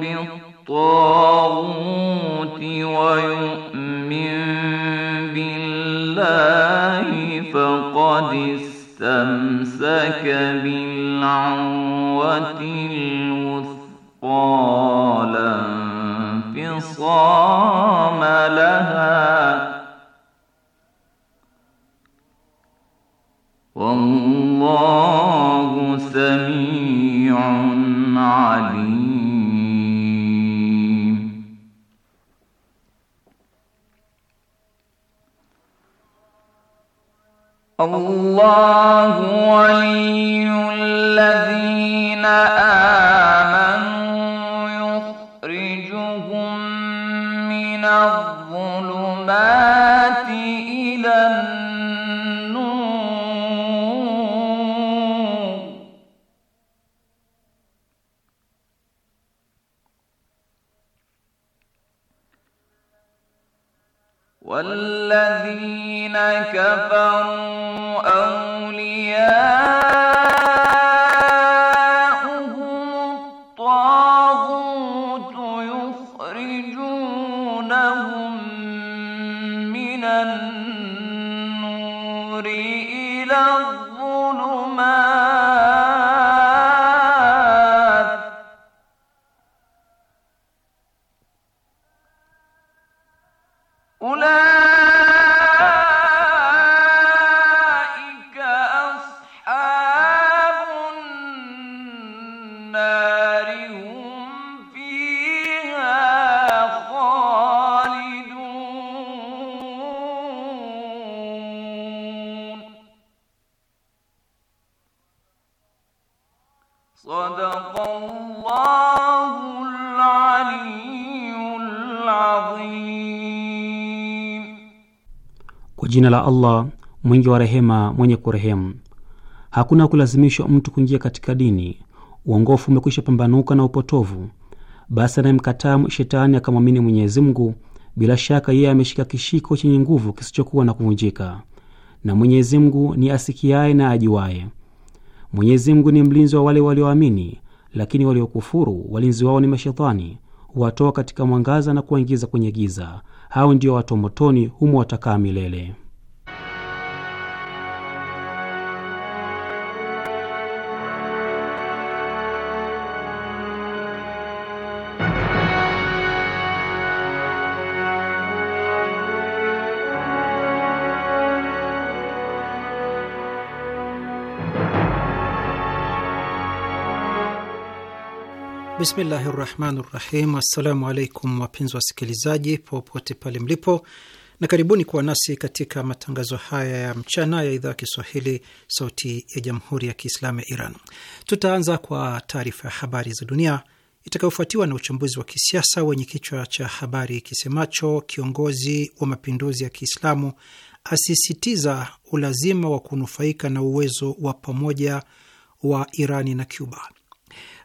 بالطاغوت ويؤمن بالله فقد استمسك بالعروة الوثقى الله ولي Kwa jina la Allah mwingi wa rehema, mwenye kurehemu. Hakuna kulazimishwa mtu kuingia katika dini. Uongofu umekwisha pambanuka na upotovu. Basi anayemkataa shetani akamwamini Mwenyezi Mungu, bila shaka yeye ameshika kishiko chenye nguvu kisichokuwa na kuvunjika, na Mwenyezi Mungu ni asikiaye na ajuaye. Mwenyezi Mungu ni mlinzi wa wale walioamini, lakini waliokufuru walinzi wao ni mashetani, huwatoa katika mwangaza na kuwaingiza kwenye giza. Hao ndio watu motoni humo watakaa milele. Bismillahi rahmani rahim. Assalamu alaikum wapenzi wasikilizaji popote pale mlipo, na karibuni kuwa nasi katika matangazo haya ya mchana ya idhaa ya Kiswahili sauti ya jamhuri ya Kiislamu ya Iran. Tutaanza kwa taarifa ya habari za dunia itakayofuatiwa na uchambuzi wa kisiasa wenye kichwa cha habari kisemacho kiongozi wa mapinduzi ya Kiislamu asisitiza ulazima wa kunufaika na uwezo wa pamoja wa Irani na Cuba.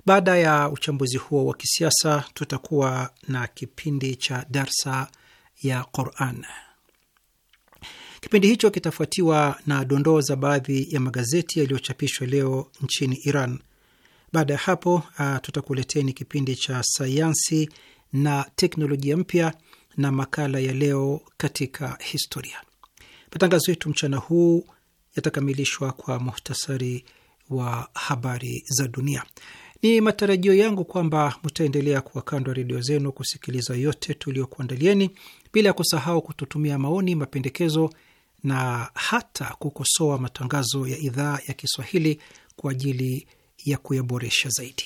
Baada ya uchambuzi huo wa kisiasa, tutakuwa na kipindi cha darsa ya Quran. Kipindi hicho kitafuatiwa na dondoo za baadhi ya magazeti yaliyochapishwa leo nchini Iran. Baada ya hapo, tutakuleteni kipindi cha sayansi na teknolojia mpya na makala ya leo katika historia. Matangazo yetu mchana huu yatakamilishwa kwa muhtasari wa habari za dunia. Ni matarajio yangu kwamba mtaendelea kuwa kando ya redio zenu kusikiliza yote tuliyokuandalieni, bila ya kusahau kututumia maoni, mapendekezo na hata kukosoa matangazo ya idhaa ya Kiswahili kwa ajili ya kuyaboresha zaidi.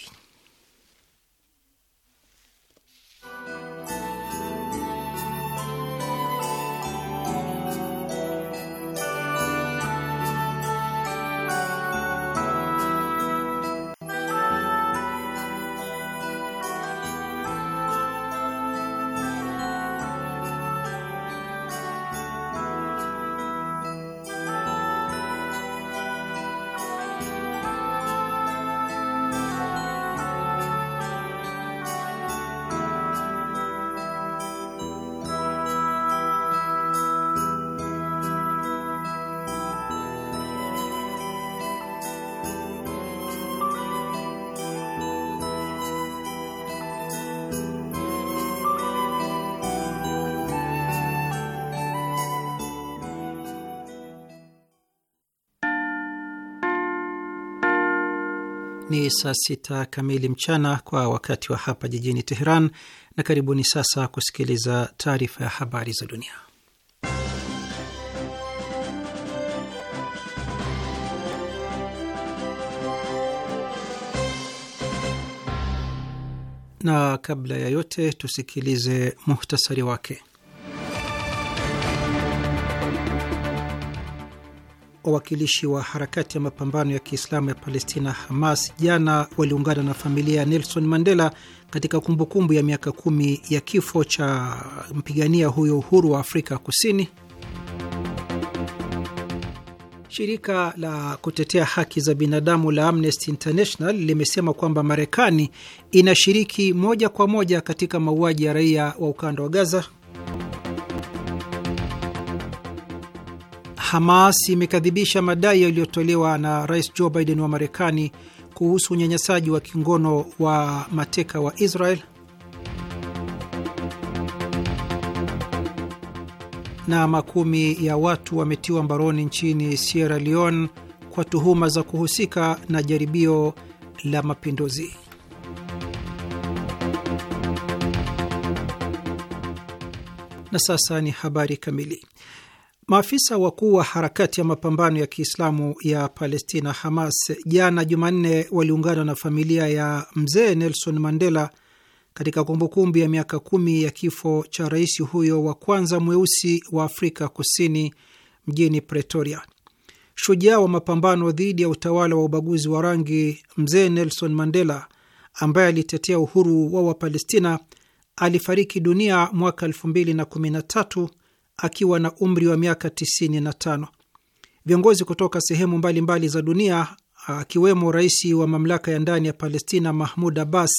saa sita kamili mchana kwa wakati wa hapa jijini Teheran, na karibuni sasa kusikiliza taarifa ya habari za dunia. Na kabla ya yote tusikilize muhtasari wake. wawakilishi wa harakati ya mapambano ya Kiislamu ya Palestina, Hamas, jana waliungana na familia ya Nelson Mandela katika kumbukumbu ya miaka kumi ya kifo cha mpigania huyo uhuru wa Afrika Kusini. Shirika la kutetea haki za binadamu la Amnesty International limesema kwamba Marekani inashiriki moja kwa moja katika mauaji ya raia wa ukanda wa Gaza. Hamas imekadhibisha madai yaliyotolewa na Rais Joe Biden wa Marekani kuhusu unyanyasaji wa kingono wa mateka wa Israel. Na makumi ya watu wametiwa mbaroni nchini Sierra Leone kwa tuhuma za kuhusika na jaribio la mapinduzi. Na sasa ni habari kamili. Maafisa wakuu wa harakati ya mapambano ya Kiislamu ya Palestina, Hamas, jana Jumanne waliungana na familia ya mzee Nelson Mandela katika kumbukumbu ya miaka kumi ya kifo cha rais huyo wa kwanza mweusi wa Afrika Kusini mjini Pretoria. Shujaa wa mapambano dhidi ya utawala wa ubaguzi wa rangi, mzee Nelson Mandela ambaye alitetea uhuru wa Wapalestina alifariki dunia mwaka 2013 akiwa na umri wa miaka 95. Viongozi kutoka sehemu mbalimbali mbali za dunia akiwemo rais wa mamlaka ya ndani ya Palestina Mahmud Abbas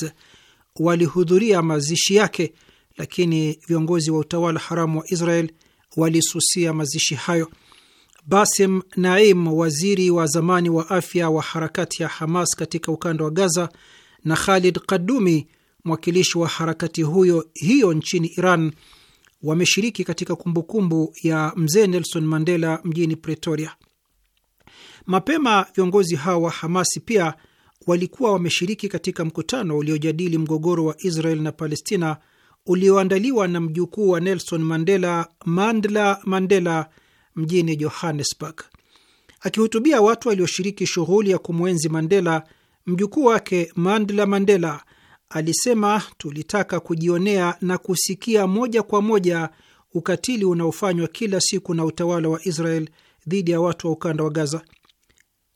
walihudhuria mazishi yake, lakini viongozi wa utawala haramu wa Israel walisusia mazishi hayo. Basim Naim, waziri wa zamani wa afya wa harakati ya Hamas katika ukanda wa Gaza, na Khalid Kadumi, mwakilishi wa harakati huyo hiyo nchini Iran wameshiriki katika kumbukumbu -kumbu ya mzee Nelson Mandela mjini Pretoria. Mapema viongozi hawa wa Hamasi pia walikuwa wameshiriki katika mkutano uliojadili mgogoro wa Israel na Palestina ulioandaliwa na mjukuu wa Nelson Mandela, Mandla Mandela, mjini Johannesburg. Akihutubia watu walioshiriki shughuli ya kumwenzi Mandela, mjukuu wake Mandla Mandela Alisema, tulitaka kujionea na kusikia moja kwa moja ukatili unaofanywa kila siku na utawala wa Israel dhidi ya watu wa ukanda wa Gaza.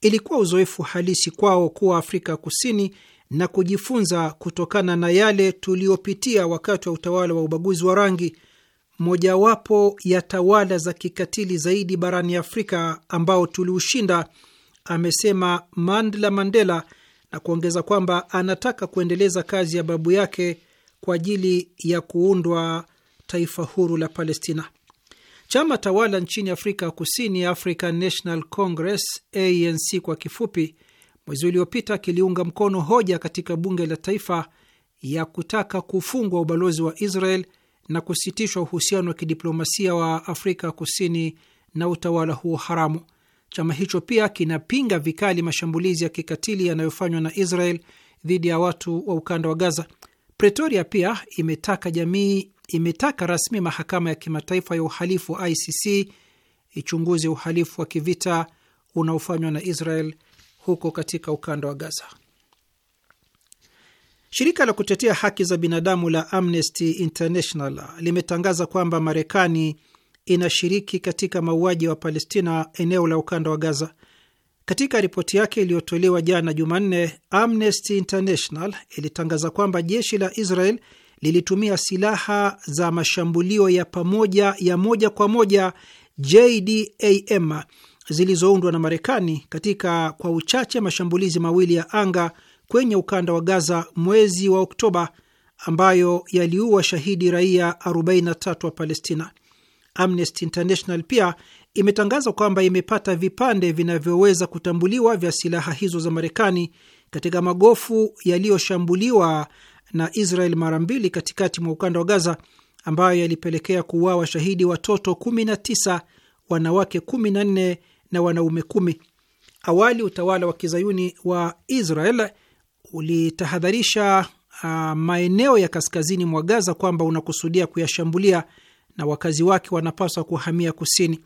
Ilikuwa uzoefu halisi kwao kuwa Afrika Kusini na kujifunza kutokana na yale tuliyopitia wakati wa utawala wa ubaguzi wa rangi, mojawapo ya tawala za kikatili zaidi barani Afrika ambao tuliushinda, amesema Mandla Mandela na kuongeza kwamba anataka kuendeleza kazi ya babu yake kwa ajili ya kuundwa taifa huru la Palestina. Chama tawala nchini Afrika Kusini, African National Congress, ANC kwa kifupi, mwezi uliopita kiliunga mkono hoja katika bunge la taifa ya kutaka kufungwa ubalozi wa Israel na kusitishwa uhusiano wa kidiplomasia wa Afrika Kusini na utawala huo haramu. Chama hicho pia kinapinga vikali mashambulizi ya kikatili yanayofanywa na Israel dhidi ya watu wa ukanda wa Gaza. Pretoria pia imetaka jamii imetaka rasmi mahakama ya kimataifa ya uhalifu wa ICC ichunguze uhalifu wa kivita unaofanywa na Israel huko katika ukanda wa Gaza. Shirika la kutetea haki za binadamu la Amnesty International limetangaza kwamba Marekani inashiriki katika mauaji wa Palestina eneo la ukanda wa Gaza. Katika ripoti yake iliyotolewa jana Jumanne, Amnesty International ilitangaza kwamba jeshi la Israel lilitumia silaha za mashambulio ya pamoja ya moja kwa moja JDAM zilizoundwa na Marekani katika kwa uchache mashambulizi mawili ya anga kwenye ukanda wa Gaza mwezi wa Oktoba ambayo yaliua shahidi raia 43 wa Palestina. Amnesty International pia imetangaza kwamba imepata vipande vinavyoweza kutambuliwa vya silaha hizo za Marekani katika magofu yaliyoshambuliwa na Israel mara mbili katikati mwa ukanda wa Gaza, ambayo yalipelekea kuuawa washahidi watoto 19, wanawake 14 na wanaume kumi. Awali utawala wa kizayuni wa Israel ulitahadharisha uh, maeneo ya kaskazini mwa Gaza kwamba unakusudia kuyashambulia na wakazi wake wanapaswa kuhamia kusini.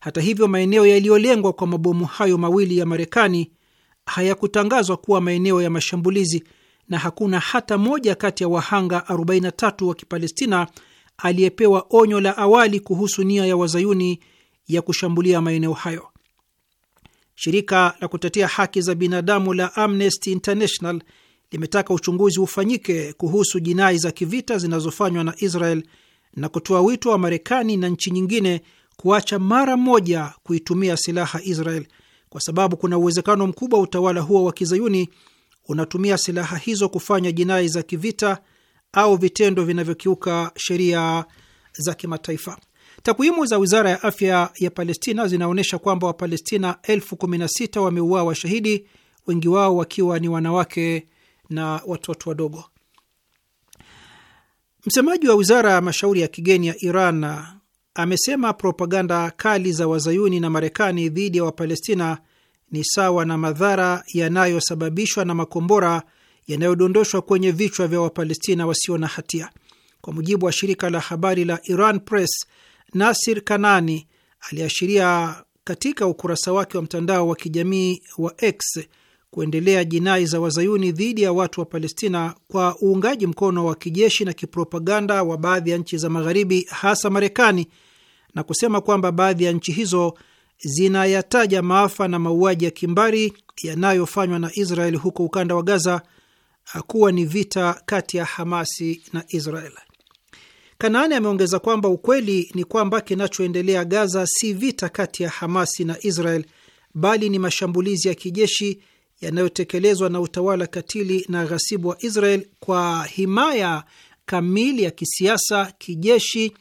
Hata hivyo, maeneo yaliyolengwa kwa mabomu hayo mawili ya Marekani hayakutangazwa kuwa maeneo ya mashambulizi na hakuna hata moja kati ya wahanga 43 wa Kipalestina aliyepewa onyo la awali kuhusu nia ya wazayuni ya kushambulia maeneo hayo. Shirika la kutetea haki za binadamu la Amnesty International limetaka uchunguzi ufanyike kuhusu jinai za kivita zinazofanywa na Israel na kutoa wito wa Marekani na nchi nyingine kuacha mara moja kuitumia silaha Israel kwa sababu kuna uwezekano mkubwa utawala huo wa kizayuni unatumia silaha hizo kufanya jinai za kivita au vitendo vinavyokiuka sheria za kimataifa. Takwimu za wizara ya afya ya Palestina zinaonyesha kwamba Wapalestina elfu kumi na sita wameuawa shahidi, wengi wao wakiwa ni wanawake na watoto wadogo. Msemaji wa wizara ya mashauri ya kigeni ya Iran amesema propaganda kali za wazayuni na Marekani dhidi ya Wapalestina ni sawa na madhara yanayosababishwa na makombora yanayodondoshwa kwenye vichwa vya Wapalestina wasio na hatia. Kwa mujibu wa shirika la habari la Iran Press, Nasir Kanani aliashiria katika ukurasa wake wa mtandao wa kijamii wa X kuendelea jinai za wazayuni dhidi ya watu wa Palestina kwa uungaji mkono wa kijeshi na kipropaganda wa baadhi ya nchi za Magharibi, hasa Marekani, na kusema kwamba baadhi ya nchi hizo zinayataja maafa na mauaji ya kimbari yanayofanywa na israel huko ukanda wa Gaza ah, kuwa ni vita kati ya Hamasi na Israel. Kanaani ameongeza kwamba ukweli ni kwamba kinachoendelea Gaza si vita kati ya Hamasi na Israel bali ni mashambulizi ya kijeshi yanayotekelezwa na utawala katili na ghasibu wa Israel kwa himaya kamili ya kisiasa, kijeshi,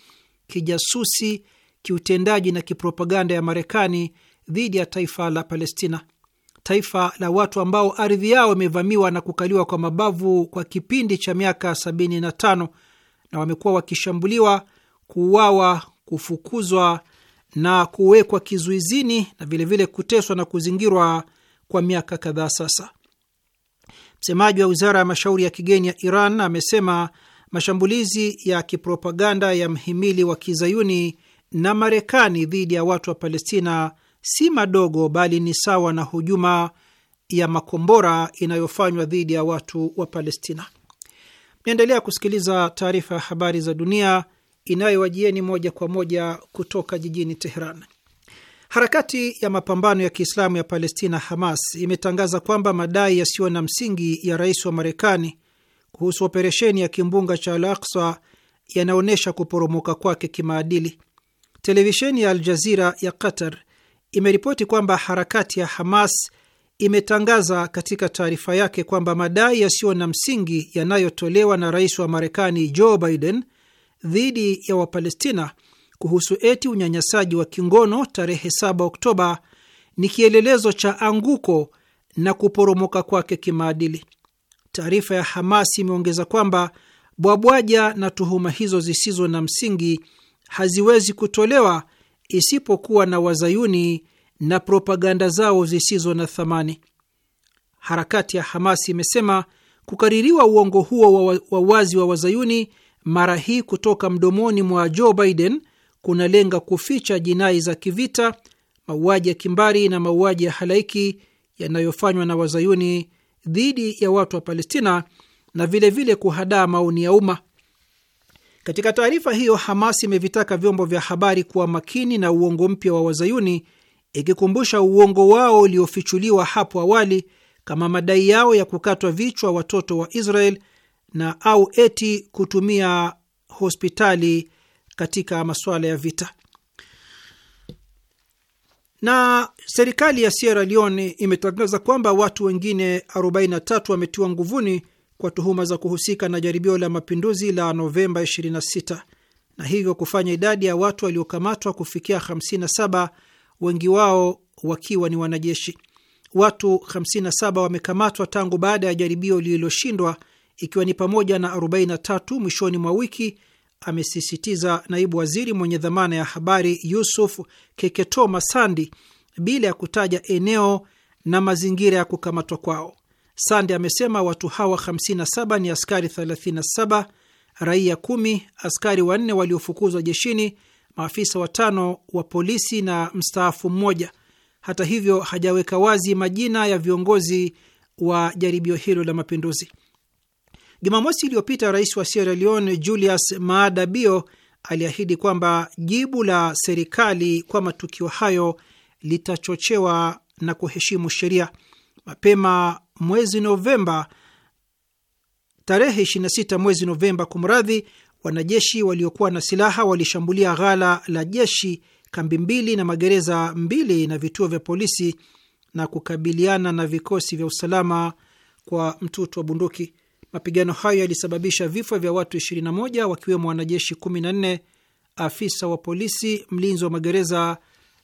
kijasusi, kiutendaji na kipropaganda ya Marekani dhidi ya taifa la Palestina, taifa la watu ambao ardhi yao imevamiwa na kukaliwa kwa mabavu kwa kipindi cha miaka 75 na wamekuwa wakishambuliwa, kuuawa, kufukuzwa na kuwekwa kizuizini na vilevile vile kuteswa na kuzingirwa kwa miaka kadhaa sasa. Msemaji wa wizara ya mashauri ya kigeni ya Iran amesema mashambulizi ya kipropaganda ya mhimili wa kizayuni na Marekani dhidi ya watu wa Palestina si madogo, bali ni sawa na hujuma ya makombora inayofanywa dhidi ya watu wa Palestina. Mnaendelea kusikiliza taarifa ya habari za dunia inayowajieni moja kwa moja kutoka jijini Teheran. Harakati ya mapambano ya Kiislamu ya Palestina, Hamas, imetangaza kwamba madai yasiyo na msingi ya rais wa Marekani kuhusu operesheni ya kimbunga cha Al Aksa yanaonyesha kuporomoka kwake kimaadili. Televisheni ya Aljazira ya Qatar imeripoti kwamba harakati ya Hamas imetangaza katika taarifa yake kwamba madai yasiyo na msingi yanayotolewa na rais wa Marekani Joe Biden dhidi ya Wapalestina kuhusu eti unyanyasaji wa kingono tarehe 7 Oktoba ni kielelezo cha anguko na kuporomoka kwake kimaadili. Taarifa ya Hamas imeongeza kwamba bwabwaja na tuhuma hizo zisizo na msingi haziwezi kutolewa isipokuwa na wazayuni na propaganda zao zisizo na thamani. Harakati ya Hamas imesema kukaririwa uongo huo wa wazi wa wazayuni mara hii kutoka mdomoni mwa Joe Biden kunalenga kuficha jinai za kivita, mauaji ya kimbari na mauaji ya halaiki yanayofanywa na wazayuni dhidi ya watu wa Palestina na vilevile kuhadaa maoni ya umma. Katika taarifa hiyo, Hamas imevitaka vyombo vya habari kuwa makini na uongo mpya wa wazayuni, ikikumbusha uongo wao uliofichuliwa hapo awali kama madai yao ya kukatwa vichwa watoto wa Israel na au eti kutumia hospitali katika masuala ya vita. Na serikali ya Sierra Leone imetangaza kwamba watu wengine 43 wametiwa nguvuni kwa tuhuma za kuhusika na jaribio la mapinduzi la Novemba 26 na hivyo kufanya idadi ya watu waliokamatwa kufikia 57, wengi wao wakiwa ni wanajeshi. Watu 57 wamekamatwa tangu baada ya jaribio lililoshindwa, ikiwa ni pamoja na 43 mwishoni mwa wiki amesisitiza naibu waziri mwenye dhamana ya habari Yusuf Keketo Masandi bila ya kutaja eneo na mazingira ya kukamatwa kwao. sandi amesema watu hawa 57 ni askari 37, raia 10, askari wanne waliofukuzwa jeshini, maafisa watano wa polisi na mstaafu mmoja. Hata hivyo, hajaweka wazi majina ya viongozi wa jaribio hilo la mapinduzi. Jumamosi iliyopita rais wa Sierra Leone Julius Maada Bio aliahidi kwamba jibu la serikali kwa matukio hayo litachochewa na kuheshimu sheria. Mapema mwezi Novemba, tarehe 26 mwezi Novemba, kumradhi, wanajeshi waliokuwa na silaha walishambulia ghala la jeshi, kambi mbili na magereza mbili na vituo vya polisi na kukabiliana na vikosi vya usalama kwa mtutu wa bunduki. Mapigano hayo yalisababisha vifo vya watu 21 wakiwemo wanajeshi 14, afisa wa polisi, mlinzi wa magereza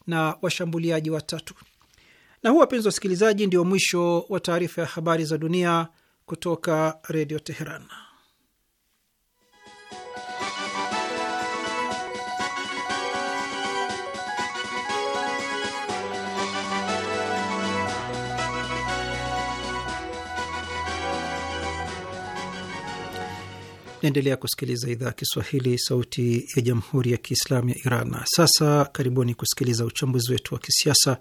na washambuliaji watatu. Na huu, wapenzi wasikilizaji, ndio mwisho wa taarifa ya habari za dunia kutoka Redio Teheran. Naendelea kusikiliza idhaa ya Kiswahili, sauti ya jamhuri ya kiislamu ya Iran. Sasa karibuni kusikiliza uchambuzi wetu wa kisiasa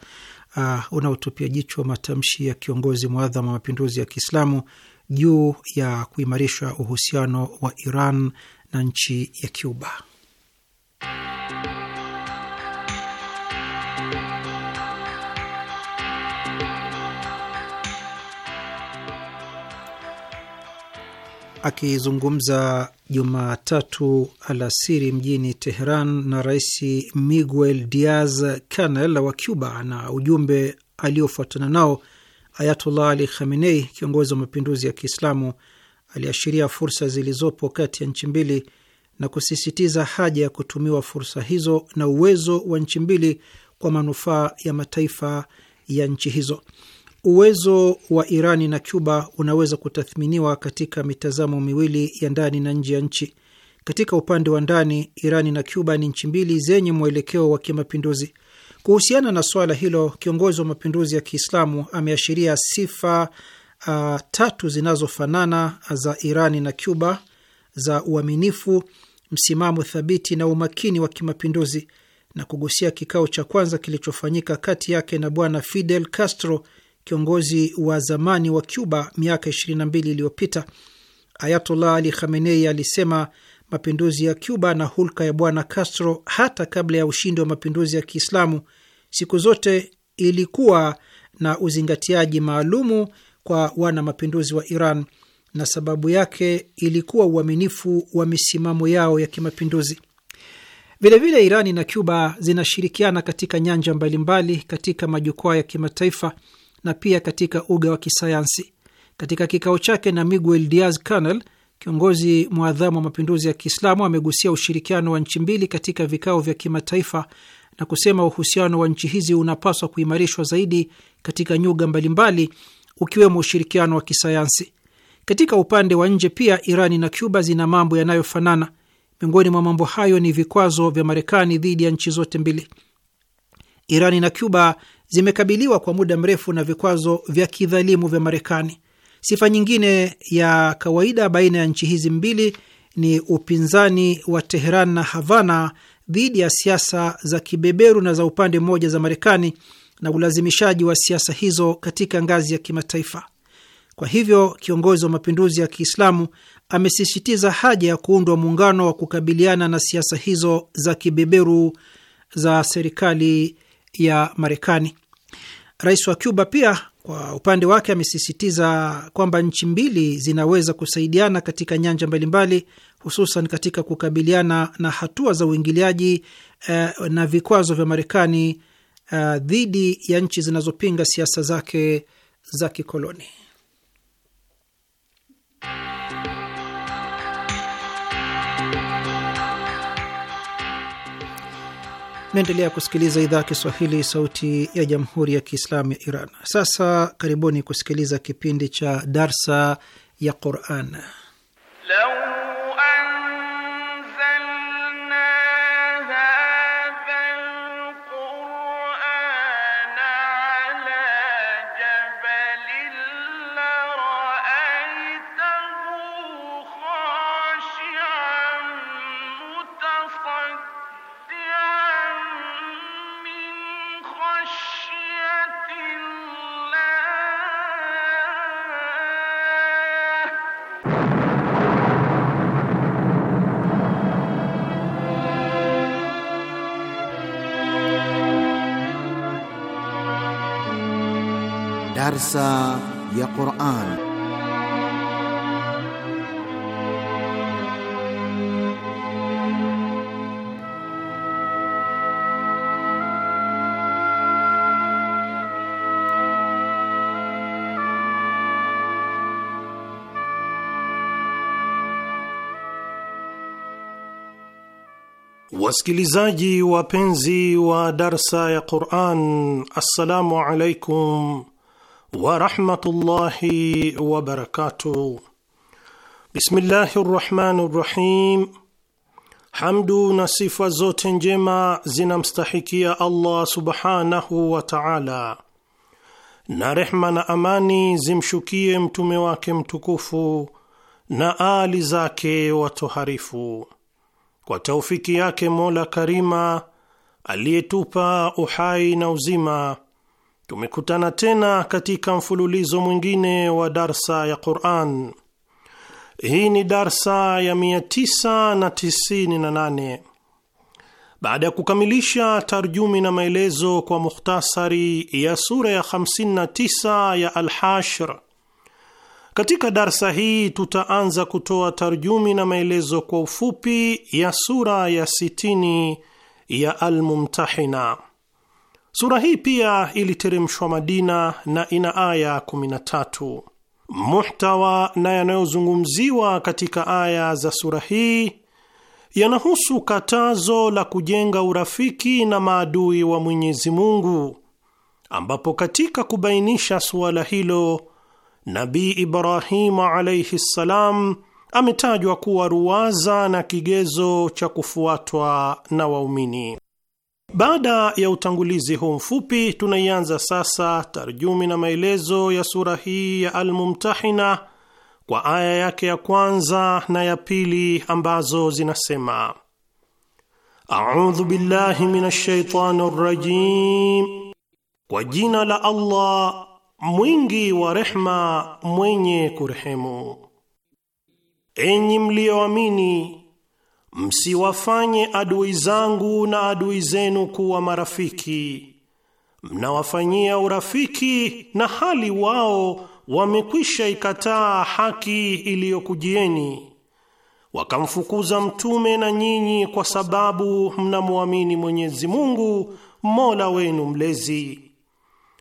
uh, unaotupia jicho matamshi ya kiongozi mwadhama wa mapinduzi ya Kiislamu juu ya kuimarisha uhusiano wa Iran na nchi ya Cuba. akizungumza Jumatatu alasiri mjini Teheran na Rais Miguel Diaz Canel wa Cuba na ujumbe aliofuatana nao, Ayatullah Ali Khamenei, kiongozi wa mapinduzi ya Kiislamu, aliashiria fursa zilizopo kati ya nchi mbili na kusisitiza haja ya kutumiwa fursa hizo na uwezo wa nchi mbili kwa manufaa ya mataifa ya nchi hizo. Uwezo wa Irani na Cuba unaweza kutathminiwa katika mitazamo miwili ya ndani na nje ya nchi. Katika upande wa ndani, Irani na Cuba ni nchi mbili zenye mwelekeo wa kimapinduzi. Kuhusiana na suala hilo, kiongozi wa mapinduzi ya Kiislamu ameashiria sifa uh, tatu zinazofanana za Irani na Cuba za uaminifu, msimamo thabiti na umakini wa kimapinduzi na kugusia kikao cha kwanza kilichofanyika kati yake na Bwana Fidel Castro kiongozi wa zamani wa Cuba miaka 22 iliyopita, Ayatollah Ali Khamenei alisema mapinduzi ya Cuba na hulka ya bwana Castro, hata kabla ya ushindi wa mapinduzi ya Kiislamu, siku zote ilikuwa na uzingatiaji maalumu kwa wana mapinduzi wa Iran na sababu yake ilikuwa uaminifu wa misimamo yao ya kimapinduzi. Vilevile, Irani na Cuba zinashirikiana katika nyanja mbalimbali katika majukwaa ya kimataifa na pia katika uga wa kisayansi. Katika kikao chake na Miguel Diaz Canel, kiongozi mwadhamu wa mapinduzi ya Kiislamu, amegusia ushirikiano wa nchi mbili katika vikao vya kimataifa na kusema uhusiano wa nchi hizi unapaswa kuimarishwa zaidi katika nyuga mbalimbali, ukiwemo ushirikiano wa kisayansi. Katika upande wa nje pia, Irani na Cuba zina mambo yanayofanana. Miongoni mwa mambo hayo ni vikwazo vya Marekani dhidi ya nchi zote mbili. Irani na Cuba zimekabiliwa kwa muda mrefu na vikwazo vya kidhalimu vya Marekani. Sifa nyingine ya kawaida baina ya nchi hizi mbili ni upinzani wa Teheran na Havana dhidi ya siasa za kibeberu na za upande mmoja za Marekani na ulazimishaji wa siasa hizo katika ngazi ya kimataifa. Kwa hivyo, kiongozi wa mapinduzi ya Kiislamu amesisitiza haja ya kuundwa muungano wa kukabiliana na siasa hizo za kibeberu za serikali ya Marekani. Rais wa Cuba pia kwa upande wake amesisitiza kwamba nchi mbili zinaweza kusaidiana katika nyanja mbalimbali, hususan katika kukabiliana na hatua za uingiliaji eh, na vikwazo vya Marekani eh, dhidi ya nchi zinazopinga siasa zake za kikoloni. Naendelea kusikiliza idhaa ya Kiswahili, sauti ya jamhuri ya kiislamu ya Iran. Sasa karibuni kusikiliza kipindi cha darsa ya Quran. darsa ya Qur'an. Wasikilizaji wapenzi wa darsa ya Qur'an, assalamu alaikum wa rahmatullahi wa barakatuh. Bismillahi rrahmani rrahim. Hamdu na sifa zote njema zinamstahikia Allah subhanahu wa ta'ala, na rehma na amani zimshukie mtume wake mtukufu na ali zake watoharifu. Kwa taufiki yake Mola Karima aliyetupa uhai na uzima Tumekutana tena katika mfululizo mwingine wa darsa ya Qur'an. Hii ni darsa ya 998 baada ya kukamilisha tarjumi na maelezo kwa mukhtasari ya sura ya 59 ya Al-Hashr. Katika darsa hii tutaanza kutoa tarjumi na maelezo kwa ufupi ya sura ya 60 ya Al-Mumtahina. Sura hii pia iliteremshwa Madina na ina aya 13. Muhtawa na yanayozungumziwa katika aya za sura hii yanahusu katazo la kujenga urafiki na maadui wa Mwenyezi Mungu, ambapo katika kubainisha suala hilo Nabii Ibrahimu alaihi ssalam ametajwa kuwa ruwaza na kigezo cha kufuatwa na waumini. Baada ya utangulizi huu mfupi, tunaianza sasa tarjumi na maelezo ya sura hii ya Almumtahina kwa aya yake ya kwanza na ya pili ambazo zinasema: audhu billahi minash shaitani rajim, kwa jina la Allah mwingi wa rehma mwenye kurehemu. Enyi mliyoamini Msiwafanye adui zangu na adui zenu kuwa marafiki, mnawafanyia urafiki na hali wao wamekwisha ikataa haki iliyokujieni, wakamfukuza mtume na nyinyi, kwa sababu mnamwamini Mwenyezi Mungu Mola wenu mlezi.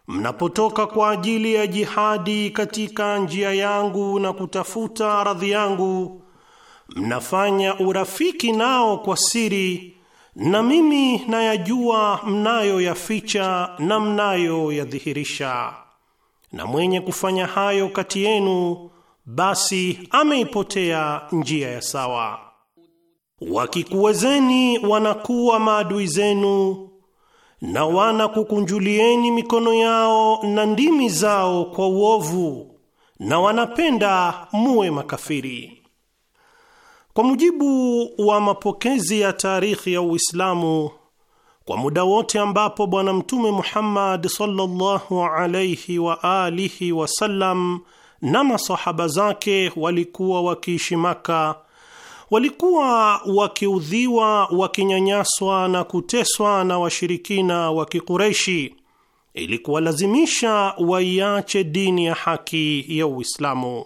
Mnapotoka kwa ajili ya jihadi katika njia yangu na kutafuta radhi yangu mnafanya urafiki nao kwa siri, na mimi nayajua mnayoyaficha na mnayoyadhihirisha. Na mwenye kufanya hayo kati yenu, basi ameipotea njia ya sawa. Wakikuwezeni wanakuwa maadui zenu na wanakukunjulieni mikono yao na ndimi zao kwa uovu, na wanapenda muwe makafiri. Kwa mujibu wa mapokezi ya taarikhi ya Uislamu, kwa muda wote ambapo Bwana Mtume Muhammad sallallahu alaihi wa alihi wasallam na masahaba zake walikuwa wakiishi Maka, walikuwa wakiudhiwa, wakinyanyaswa na kuteswa na washirikina wa Kikureishi ili kuwalazimisha waiache dini ya haki ya Uislamu.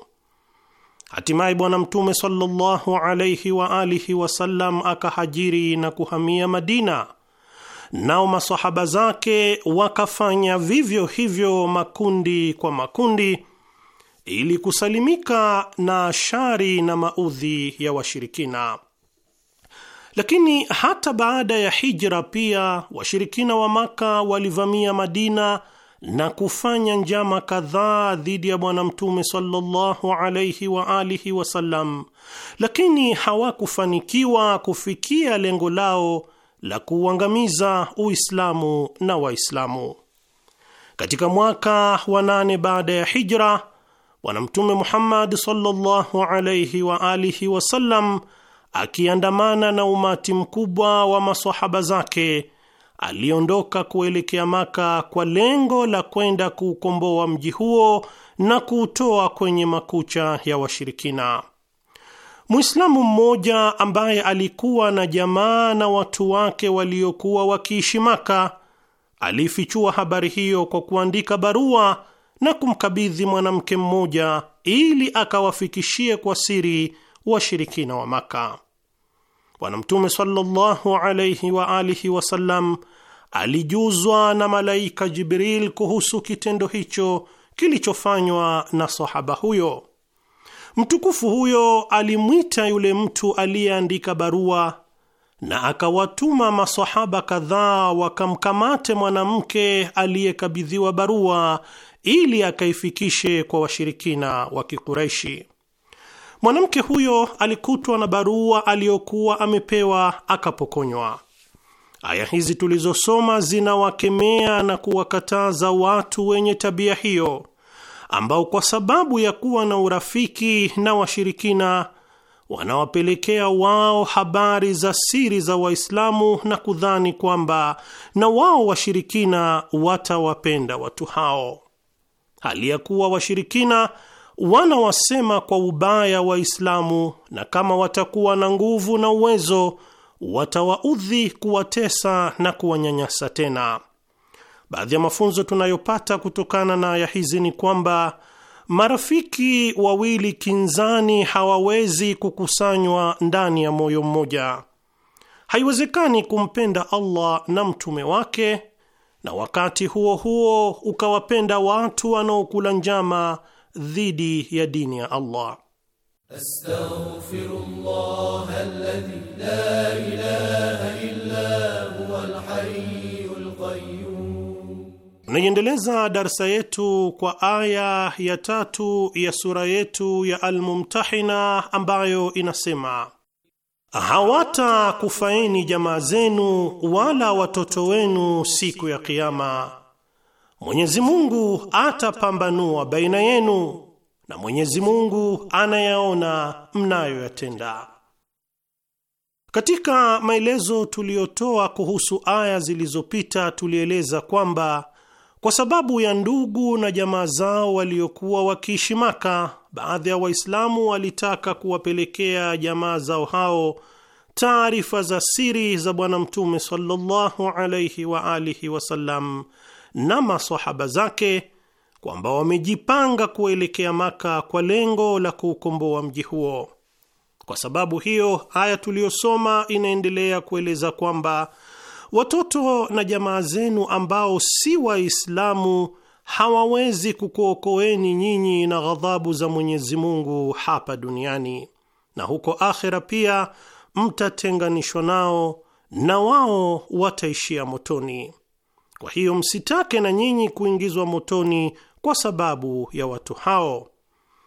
Hatimaye Bwana Mtume sallallahu alaihi wa alihi wasallam akahajiri na kuhamia Madina, nao masahaba zake wakafanya vivyo hivyo, makundi kwa makundi, ili kusalimika na shari na maudhi ya washirikina. Lakini hata baada ya hijra pia washirikina wa Maka walivamia Madina na kufanya njama kadhaa dhidi ya Bwana Mtume sallallahu alaihi wa alihi wasallam, lakini hawakufanikiwa kufikia lengo lao la kuuangamiza Uislamu na Waislamu. Katika mwaka wa nane baada ya hijra, Bwana Mtume Muhammad sallallahu alaihi wa alihi wasallam akiandamana na umati mkubwa wa masahaba zake aliondoka kuelekea Maka kwa lengo la kwenda kuukomboa mji huo na kuutoa kwenye makucha ya washirikina. Mwislamu mmoja ambaye alikuwa na jamaa na watu wake waliokuwa wakiishi Maka alifichua habari hiyo kwa kuandika barua na kumkabidhi mwanamke mmoja ili akawafikishie kwa siri washirikina wa Maka. Bwana Mtume sallallahu alayhi wa alihi wasallam alijuzwa na malaika Jibril kuhusu kitendo hicho kilichofanywa na sahaba huyo mtukufu. Huyo alimwita yule mtu aliyeandika barua na akawatuma masahaba kadhaa wakamkamate mwanamke aliyekabidhiwa barua ili akaifikishe kwa washirikina wa Kikuraishi. Mwanamke huyo alikutwa na barua aliyokuwa amepewa akapokonywa. Aya hizi tulizosoma zinawakemea na kuwakataza watu wenye tabia hiyo ambao kwa sababu ya kuwa na urafiki na washirikina wanawapelekea wao habari za siri za Waislamu na kudhani kwamba na wao washirikina watawapenda watu hao, hali ya kuwa washirikina wanawasema kwa ubaya Waislamu, na kama watakuwa na nguvu na uwezo watawaudhi, kuwatesa na kuwanyanyasa tena. Baadhi ya mafunzo tunayopata kutokana na aya hizi ni kwamba marafiki wawili kinzani hawawezi kukusanywa ndani ya moyo mmoja. Haiwezekani kumpenda Allah na mtume wake na wakati huo huo ukawapenda watu wanaokula njama dhidi ya dini ya Allah. Astaghfirullah darsa yetu kwa aya ya tatu ya sura yetu ya Almumtahina ambayo inasema hawatakufaini jamaa zenu wala watoto wenu siku ya Kiyama Mwenyezi Mungu atapambanua baina yenu na Mwenyezi Mungu anayaona mnayoyatenda. Katika maelezo tuliyotoa kuhusu aya zilizopita, tulieleza kwamba kwa sababu ya ndugu na jamaa zao waliokuwa wakiishi Maka, baadhi ya Waislamu walitaka kuwapelekea jamaa zao hao taarifa za siri za Bwana Mtume sallallahu alaihi wa alihi wasallam na masahaba zake kwamba wamejipanga kuelekea Maka kwa lengo la kuukomboa mji huo. Kwa sababu hiyo, aya tuliyosoma inaendelea kueleza kwamba watoto na jamaa zenu ambao si Waislamu hawawezi kukuokoeni nyinyi na ghadhabu za Mwenyezi Mungu hapa duniani, na huko akhera pia mtatenganishwa nao na wao wataishia motoni. Kwa hiyo msitake na nyinyi kuingizwa motoni kwa sababu ya watu hao.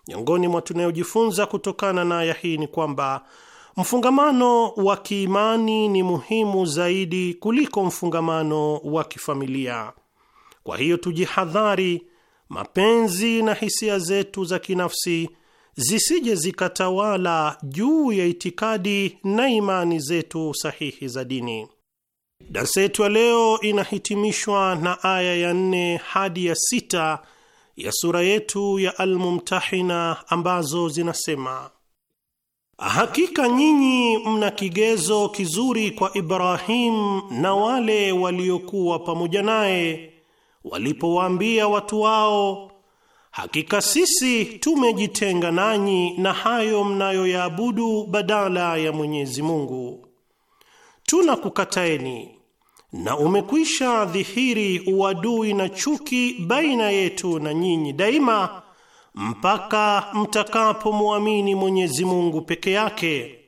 Miongoni mwa tunayojifunza kutokana na aya hii ni kwamba mfungamano wa kiimani ni muhimu zaidi kuliko mfungamano wa kifamilia. Kwa hiyo tujihadhari, mapenzi na hisia zetu za kinafsi zisije zikatawala juu ya itikadi na imani zetu sahihi za dini. Darsa yetu ya leo inahitimishwa na aya ya nne hadi ya sita ya sura yetu ya Almumtahina ambazo zinasema: Hakika nyinyi mna kigezo kizuri kwa Ibrahim na wale waliokuwa pamoja naye walipowaambia watu wao, hakika sisi tumejitenga nanyi na hayo mnayoyaabudu badala ya Mwenyezi Mungu tunakukataeni na umekwisha dhihiri uadui na chuki baina yetu na nyinyi daima, mpaka mtakapomwamini Mwenyezi Mungu peke yake,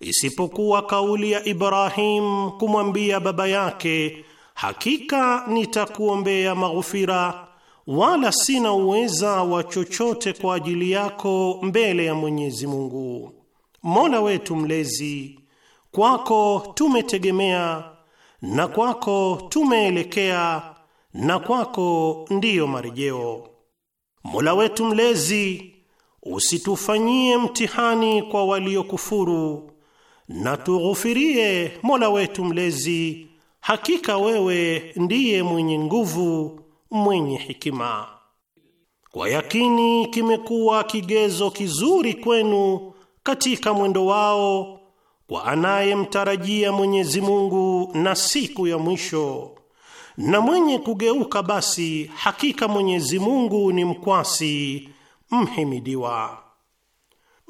isipokuwa kauli ya Ibrahim kumwambia baba yake, hakika nitakuombea maghufira, wala sina uweza wa chochote kwa ajili yako mbele ya Mwenyezi Mungu. Mola wetu mlezi kwako tumetegemea na kwako tumeelekea na kwako ndiyo marejeo. Mola wetu mlezi, usitufanyie mtihani kwa waliokufuru, na tughufirie Mola wetu mlezi, hakika wewe ndiye mwenye nguvu, mwenye hikima. Kwa yakini kimekuwa kigezo kizuri kwenu katika mwendo wao kwa anayemtarajia Mwenyezi Mungu na siku ya mwisho, na mwenye kugeuka basi hakika Mwenyezi Mungu ni mkwasi mhimidiwa.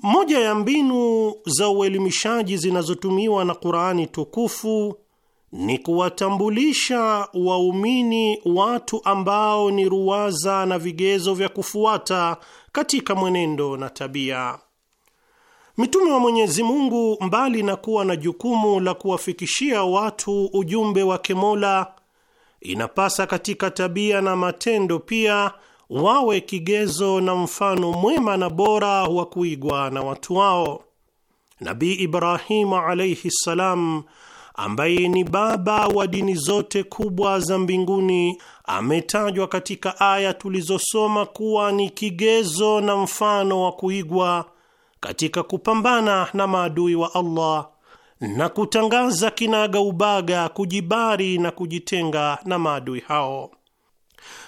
Moja ya mbinu za uelimishaji zinazotumiwa na Qur'ani tukufu ni kuwatambulisha waumini watu ambao ni ruwaza na vigezo vya kufuata katika mwenendo na tabia. Mitume wa Mwenyezi Mungu, mbali na kuwa na jukumu la kuwafikishia watu ujumbe wa Kimola, inapasa katika tabia na matendo pia wawe kigezo na mfano mwema na bora wa kuigwa na watu wao. Nabii Ibrahimu alaihi ssalam, ambaye ni baba wa dini zote kubwa za mbinguni, ametajwa katika aya tulizosoma kuwa ni kigezo na mfano wa kuigwa katika kupambana na maadui wa Allah na kutangaza kinaga ubaga kujibari na kujitenga na maadui hao.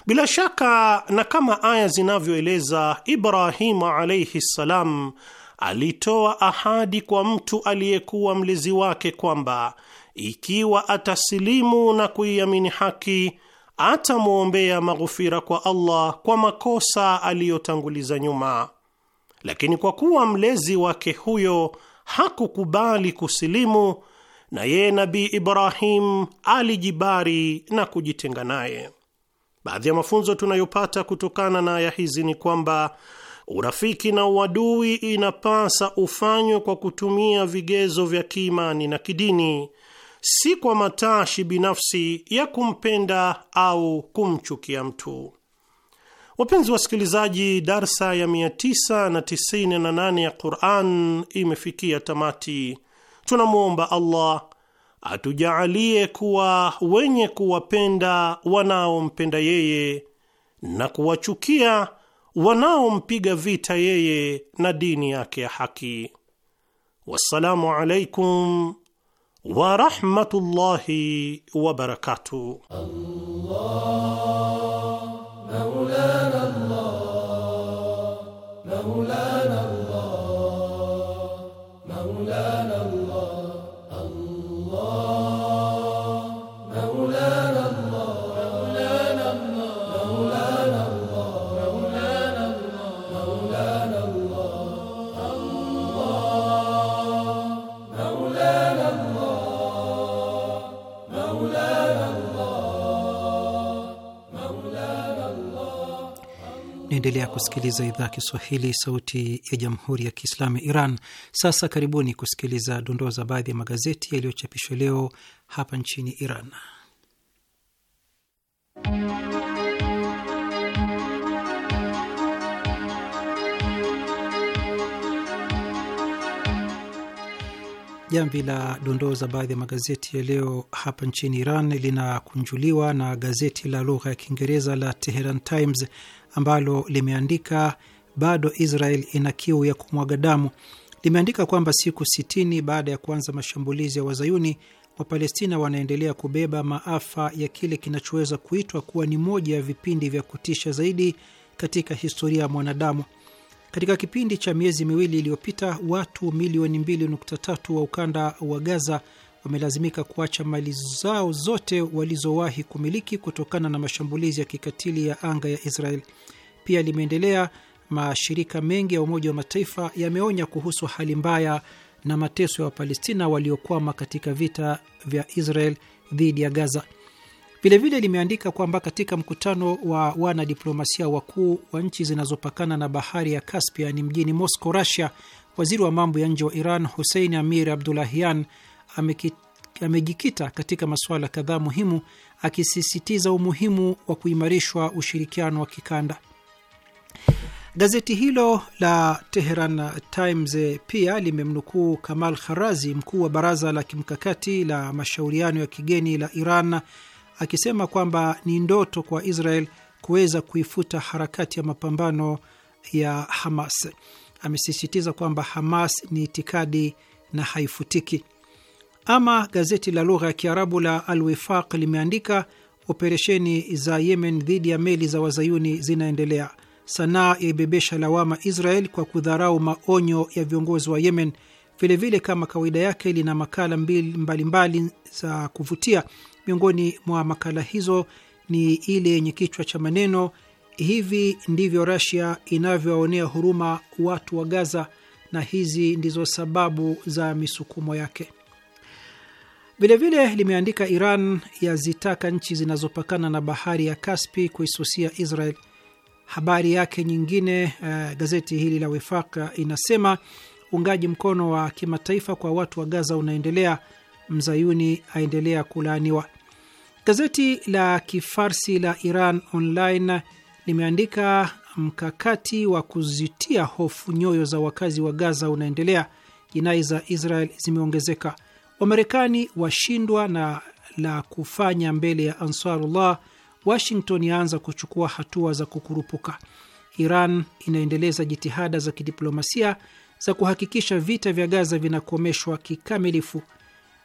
Bila shaka, na kama aya zinavyoeleza, Ibrahimu alaihi ssalam alitoa ahadi kwa mtu aliyekuwa mlezi wake kwamba ikiwa atasilimu na kuiamini haki atamwombea maghufira kwa Allah kwa makosa aliyotanguliza nyuma lakini kwa kuwa mlezi wake huyo hakukubali kusilimu, na yeye Nabii Ibrahim alijibari na kujitenga naye. Baadhi ya mafunzo tunayopata kutokana na aya hizi ni kwamba urafiki na uadui inapasa ufanywe kwa kutumia vigezo vya kiimani na kidini, si kwa matashi binafsi ya kumpenda au kumchukia mtu. Wapenzi wasikilizaji, darsa ya 998 ya Quran imefikia tamati. Tunamwomba Allah atujaalie kuwa wenye kuwapenda wanaompenda yeye na kuwachukia wanaompiga vita yeye na dini yake ya haki. Wassalamu alaikum warahmatullahi wabarakatuh. Allah Naendelea kusikiliza idhaa Kiswahili sauti ya jamhuri ya kiislamu ya Iran. Sasa karibuni kusikiliza dondoo za baadhi ya magazeti yaliyochapishwa leo hapa nchini Iran. Jamvi la dondoo za baadhi ya magazeti ya leo hapa nchini Iran linakunjuliwa na gazeti la lugha ya Kiingereza la Teheran Times ambalo limeandika bado Israel ina kiu ya kumwaga damu. Limeandika kwamba siku sitini baada ya kuanza mashambulizi ya Wazayuni, Wapalestina wanaendelea kubeba maafa ya kile kinachoweza kuitwa kuwa ni moja ya vipindi vya kutisha zaidi katika historia ya mwanadamu. Katika kipindi cha miezi miwili iliyopita, watu milioni 2.3 wa ukanda wa Gaza wamelazimika kuacha mali zao zote walizowahi kumiliki kutokana na mashambulizi ya kikatili ya anga ya Israel. Pia limeendelea, mashirika mengi ya Umoja wa Mataifa yameonya kuhusu hali mbaya na mateso ya Wapalestina waliokwama katika vita vya Israel dhidi ya Gaza. Vilevile limeandika kwamba katika mkutano wa wanadiplomasia wakuu wa nchi zinazopakana na bahari ya Kaspia ni mjini Moscow, Russia, waziri wa mambo ya nje wa Iran Hussein Amir Abdulahian amejikita katika masuala kadhaa muhimu, akisisitiza umuhimu wa kuimarishwa ushirikiano wa kikanda. Gazeti hilo la Teheran Times eh, pia limemnukuu Kamal Kharazi, mkuu wa baraza la kimkakati la mashauriano ya kigeni la Iran, akisema kwamba ni ndoto kwa Israel kuweza kuifuta harakati ya mapambano ya Hamas. Amesisitiza kwamba Hamas ni itikadi na haifutiki. Ama gazeti la lugha ya Kiarabu la Al Wifaq limeandika operesheni za Yemen dhidi ya meli za wazayuni zinaendelea. Sanaa yaibebesha lawama Israel kwa kudharau maonyo ya viongozi wa Yemen. Vilevile, kama kawaida yake, lina makala mbalimbali mbali za kuvutia. Miongoni mwa makala hizo ni ile yenye kichwa cha maneno hivi ndivyo rasia inavyowaonea huruma watu wa Gaza na hizi ndizo sababu za misukumo yake. Vilevile limeandika Iran yazitaka nchi zinazopakana na bahari ya Kaspi kuisusia Israel. Habari yake nyingine, uh, gazeti hili la Wefaq inasema uungaji mkono wa kimataifa kwa watu wa Gaza unaendelea, mzayuni aendelea kulaaniwa. Gazeti la Kifarsi la Iran Online limeandika mkakati wa kuzitia hofu nyoyo za wakazi wa Gaza unaendelea, jinai za Israel zimeongezeka Wamarekani washindwa na la kufanya mbele ya Ansarullah, Washington yaanza kuchukua hatua za kukurupuka. Iran inaendeleza jitihada za kidiplomasia za kuhakikisha vita vya Gaza vinakomeshwa kikamilifu.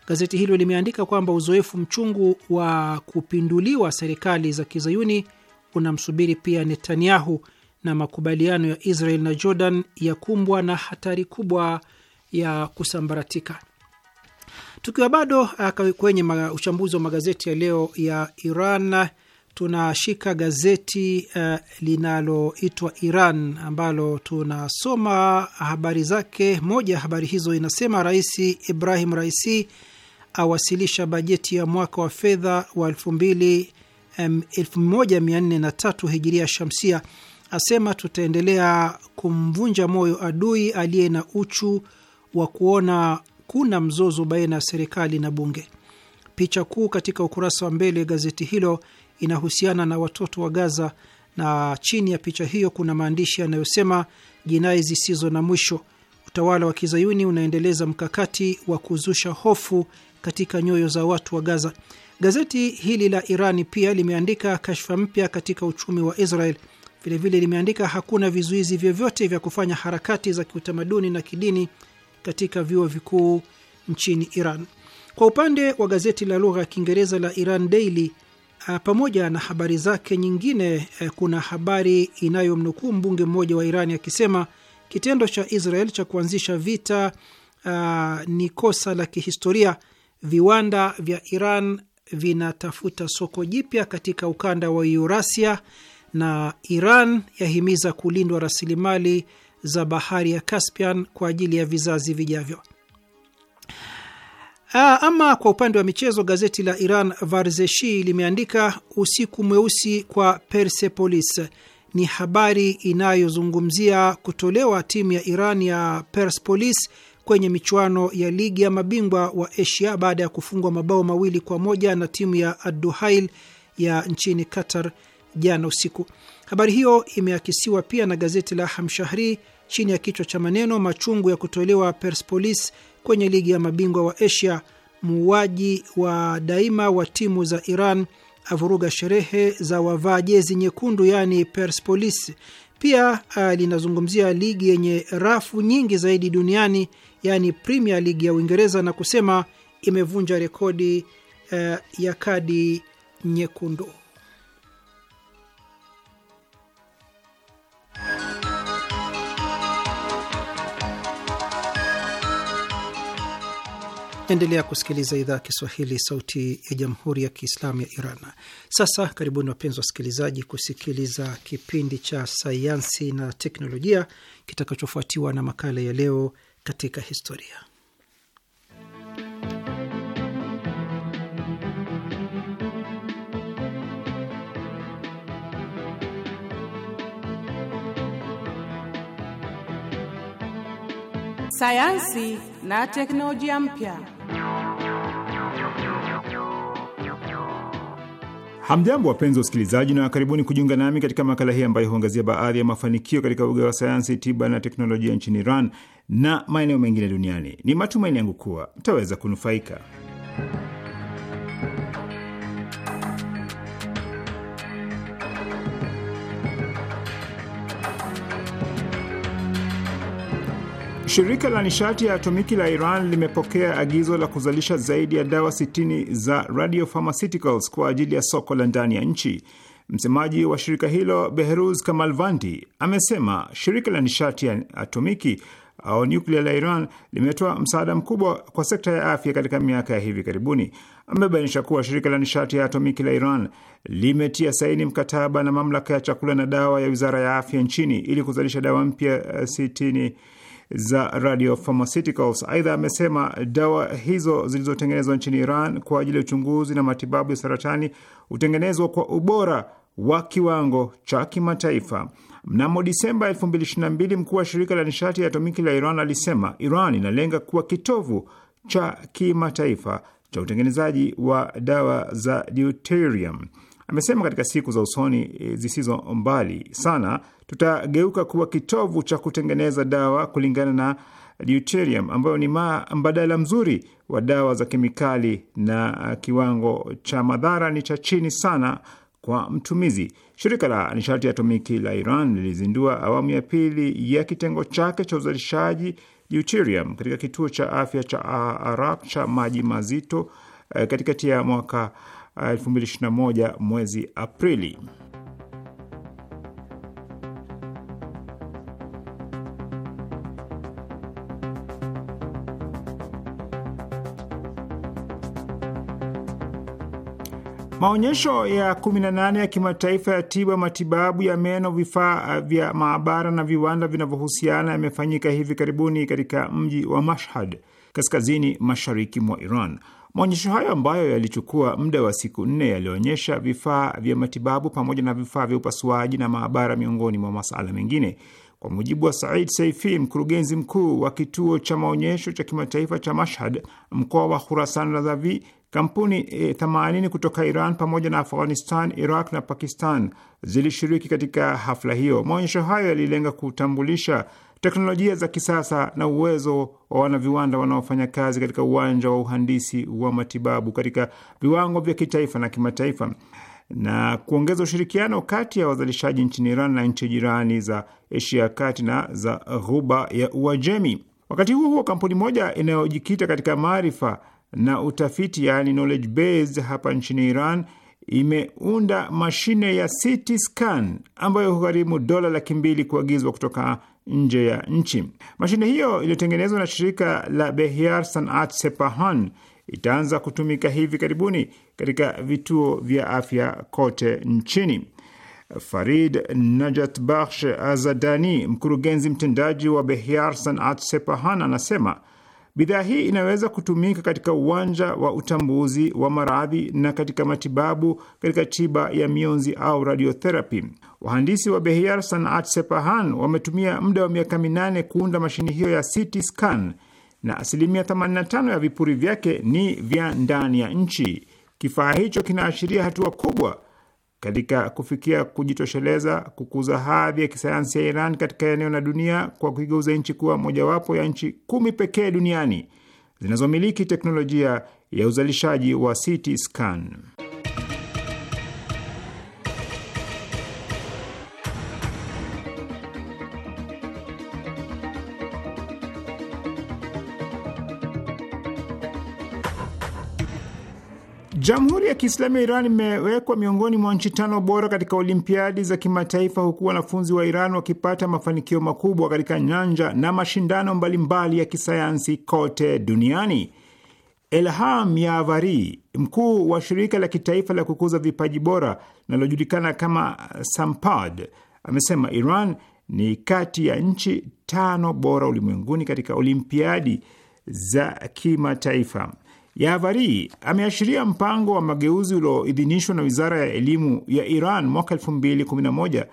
Gazeti hilo limeandika kwamba uzoefu mchungu wa kupinduliwa serikali za kizayuni unamsubiri pia Netanyahu, na makubaliano ya Israel na Jordan yakumbwa na hatari kubwa ya kusambaratika. Tukiwa bado ah, kwenye uchambuzi wa magazeti ya leo ya Iran, tunashika gazeti uh, linaloitwa Iran ambalo tunasoma habari zake. Moja ya habari hizo inasema Rais Ibrahim Raisi awasilisha bajeti ya mwaka wa fedha wa 2143 hijiria shamsia, asema tutaendelea kumvunja moyo adui aliye na uchu wa kuona hakuna mzozo baina ya serikali na bunge. Picha kuu katika ukurasa wa mbele gazeti hilo inahusiana na watoto wa Gaza, na chini ya picha hiyo kuna maandishi yanayosema jinai zisizo na mwisho, utawala wa kizayuni unaendeleza mkakati wa kuzusha hofu katika nyoyo za watu wa Gaza. Gazeti hili la Irani pia limeandika kashfa mpya katika uchumi wa Israel. Vilevile limeandika hakuna vizuizi vyovyote vya kufanya harakati za kiutamaduni na kidini katika vyuo vikuu nchini Iran. Kwa upande wa gazeti la lugha ya Kiingereza la Iran Daily, eh, pamoja na habari zake nyingine, eh, kuna habari inayomnukuu mbunge mmoja wa Irani akisema kitendo cha Israel cha kuanzisha vita uh, ni kosa la kihistoria. Viwanda vya Iran vinatafuta soko jipya katika ukanda wa Eurasia, na Iran yahimiza kulindwa rasilimali za bahari ya Caspian kwa ajili ya vizazi vijavyo. Ah, ama kwa upande wa michezo, gazeti la Iran Varzeshi limeandika usiku mweusi kwa Persepolis. Ni habari inayozungumzia kutolewa timu ya Iran ya Persepolis kwenye michuano ya ligi ya mabingwa wa Asia baada ya kufungwa mabao mawili kwa moja na timu ya Adduhail ya nchini Qatar jana usiku. Habari hiyo imeakisiwa pia na gazeti la Hamshahri chini ya kichwa cha maneno machungu ya kutolewa Persepolis kwenye ligi ya mabingwa wa Asia, muuaji wa daima wa timu za Iran avuruga sherehe za wavaa jezi nyekundu, yaani Persepolis. Pia uh, linazungumzia ligi yenye rafu nyingi zaidi duniani, yaani Premier League ya Uingereza, na kusema imevunja rekodi uh, ya kadi nyekundu. Naendelea kusikiliza idhaa ya Kiswahili, sauti ya jamhuri ya kiislamu ya Iran. Sasa karibuni wapenzi wasikilizaji, kusikiliza kipindi cha sayansi na teknolojia kitakachofuatiwa na makala ya leo katika historia. Sayansi na teknolojia mpya. Hamjambo, wapenzi wa usikilizaji, na karibuni kujiunga nami katika makala hii ambayo huangazia baadhi ya mafanikio katika uga wa sayansi, tiba na teknolojia nchini Iran na maeneo mengine duniani. Ni matumaini yangu kuwa mtaweza kunufaika. Shirika la nishati ya atomiki la Iran limepokea agizo la kuzalisha zaidi ya dawa 60 za radiopharmaceuticals kwa ajili ya soko la ndani ya nchi. Msemaji wa shirika hilo Behruz Kamalvandi amesema shirika la nishati ya atomiki au nuklia la Iran limetoa msaada mkubwa kwa sekta ya afya katika miaka ya hivi karibuni. Amebainisha kuwa shirika la nishati ya atomiki la Iran limetia saini mkataba na mamlaka ya chakula na dawa ya wizara ya afya nchini ili kuzalisha dawa mpya sitini za radio pharmaceuticals. Aidha, amesema dawa hizo zilizotengenezwa nchini Iran kwa ajili ya uchunguzi na matibabu ya saratani hutengenezwa kwa ubora wa kiwango cha kimataifa. Mnamo Disemba 2022 mkuu wa shirika la nishati ya atomiki la Iran alisema Iran inalenga kuwa kitovu cha kimataifa cha utengenezaji wa dawa za deuterium. Amesema katika siku za usoni eh, zisizo mbali sana tutageuka kuwa kitovu cha kutengeneza dawa kulingana na deuterium ambayo ni mbadala mzuri wa dawa za kemikali na uh, kiwango cha madhara ni cha chini sana kwa mtumizi. Shirika la nishati ya atomiki la Iran lilizindua awamu ya pili ya kitengo chake cha uzalishaji deuterium katika kituo cha afya cha Arab cha maji mazito uh, katikati ya mwaka 2021 uh, mwezi Aprili. Maonyesho ya 18 ya kimataifa ya tiba, matibabu ya meno, vifaa uh, vya maabara na viwanda vinavyohusiana yamefanyika hivi karibuni katika mji wa Mashhad kaskazini mashariki mwa Iran. Maonyesho hayo ambayo yalichukua muda wa siku nne yalionyesha vifaa vya matibabu pamoja na vifaa vya upasuaji na maabara miongoni mwa masuala mengine. Kwa mujibu wa Said Saifi, mkurugenzi mkuu wa kituo cha maonyesho cha kimataifa cha Mashhad, mkoa wa Khurasan Radhavi, Kampuni 80 e, kutoka Iran pamoja na Afghanistan, Iraq na Pakistan zilishiriki katika hafla hiyo. Maonyesho hayo yalilenga kutambulisha teknolojia za kisasa na uwezo wa wanaviwanda wanaofanya kazi katika uwanja wa uhandisi wa matibabu katika viwango vya kitaifa na kimataifa na kuongeza ushirikiano kati ya wazalishaji nchini Iran na nchi jirani za Asia ya kati na za Ghuba ya Uajemi. Wakati huo huo, kampuni moja inayojikita katika maarifa na utafiti yaani knowledge base hapa nchini Iran imeunda mashine ya CT scan ambayo hugharimu dola laki mbili kuagizwa kutoka nje ya nchi. Mashine hiyo iliyotengenezwa na shirika la Behiar Sanat Sepahan itaanza kutumika hivi karibuni katika vituo vya afya kote nchini. Farid Najat Bakhsh Azadani, mkurugenzi mtendaji wa Behiar Sanat Sepahan, anasema Bidhaa hii inaweza kutumika katika uwanja wa utambuzi wa maradhi na katika matibabu, katika tiba ya mionzi au radiotherapy. Wahandisi wa Behiar Sanat Sepahan wametumia muda wa miaka minane kuunda mashini hiyo ya CT scan na asilimia 85 ya vipuri vyake ni vya ndani ya nchi. Kifaa hicho kinaashiria hatua kubwa katika kufikia kujitosheleza, kukuza hadhi ya kisayansi ya Iran katika eneo la dunia kwa kuigeuza nchi kuwa mojawapo ya nchi kumi pekee duniani zinazomiliki teknolojia ya uzalishaji wa CT scan. Jamhuri ya Kiislamu ya Iran imewekwa miongoni mwa nchi tano bora katika Olimpiadi za kimataifa, huku wanafunzi wa Iran wakipata mafanikio makubwa katika nyanja na mashindano mbalimbali ya kisayansi kote duniani. Elham Yavari, mkuu wa shirika la kitaifa la kukuza vipaji bora linalojulikana kama SAMPAD, amesema Iran ni kati ya nchi tano bora ulimwenguni katika Olimpiadi za kimataifa. Yaavari ameashiria mpango wa mageuzi ulioidhinishwa na wizara ya elimu ya Iran mwaka 2011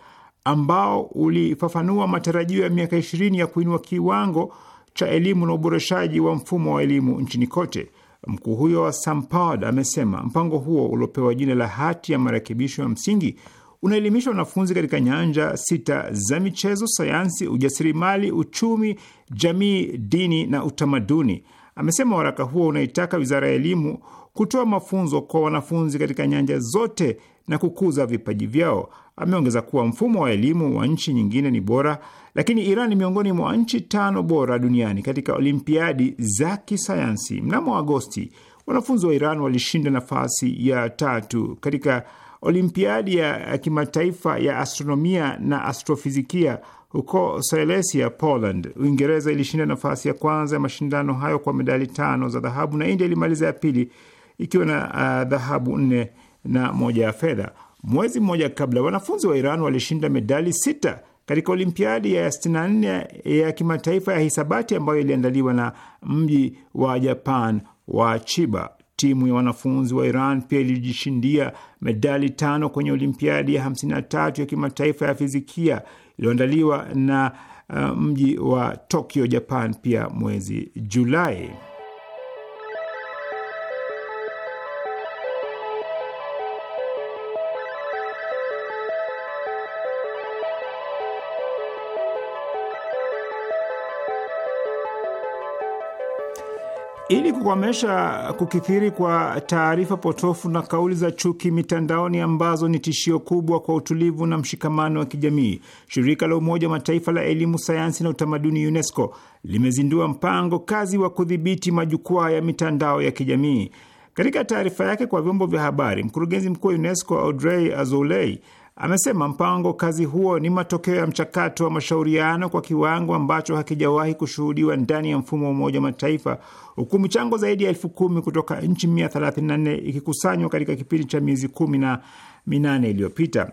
ambao ulifafanua matarajio ya miaka 20 ya kuinua kiwango cha elimu na uboreshaji wa mfumo wa elimu nchini kote. Mkuu huyo wa Sampad amesema mpango huo uliopewa jina la hati ya marekebisho ya msingi unaelimisha wanafunzi katika nyanja sita za michezo, sayansi, ujasiriamali, uchumi, jamii, dini na utamaduni. Amesema waraka huo unaitaka wizara ya elimu kutoa mafunzo kwa wanafunzi katika nyanja zote na kukuza vipaji vyao. Ameongeza kuwa mfumo wa elimu wa nchi nyingine ni bora, lakini Iran ni miongoni mwa nchi tano bora duniani katika olimpiadi za kisayansi. Mnamo Agosti, wanafunzi wa Iran walishinda nafasi ya tatu katika olimpiadi ya kimataifa ya astronomia na astrofizikia huko Silesia, Poland, Uingereza ilishinda nafasi ya kwanza ya mashindano hayo kwa medali tano za dhahabu na India ilimaliza ya pili ikiwa na uh, dhahabu nne na moja ya fedha. Mwezi mmoja kabla, wanafunzi wa Iran walishinda medali sita katika Olimpiadi ya 64 ya kimataifa ya hisabati ambayo iliandaliwa na mji wa Japan wa Chiba. Timu ya wanafunzi wa Iran pia ilijishindia medali tano kwenye Olimpiadi ya 53 ya kimataifa ya fizikia iliyoandaliwa na uh, mji wa Tokyo, Japan, pia mwezi Julai. Ili kukomesha kukithiri kwa taarifa potofu na kauli za chuki mitandaoni ambazo ni tishio kubwa kwa utulivu na mshikamano wa kijamii, shirika la Umoja wa Mataifa la elimu, sayansi na utamaduni UNESCO limezindua mpango kazi wa kudhibiti majukwaa ya mitandao ya kijamii. Katika taarifa yake kwa vyombo vya habari, mkurugenzi mkuu wa UNESCO Audrey Azoulay Amesema mpango kazi huo ni matokeo ya mchakato wa mashauriano kwa kiwango ambacho hakijawahi kushuhudiwa ndani ya mfumo wa Umoja wa Mataifa, huku michango zaidi ya elfu kumi kutoka nchi 134 ikikusanywa katika kipindi cha miezi kumi na minane iliyopita.